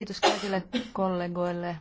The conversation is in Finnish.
Kiitos kaikille kollegoille.